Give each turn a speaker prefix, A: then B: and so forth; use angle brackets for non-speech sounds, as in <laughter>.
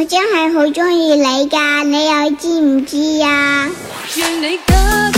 A: 我真係好中意你㗎，你又知唔知呀、啊？ <noise>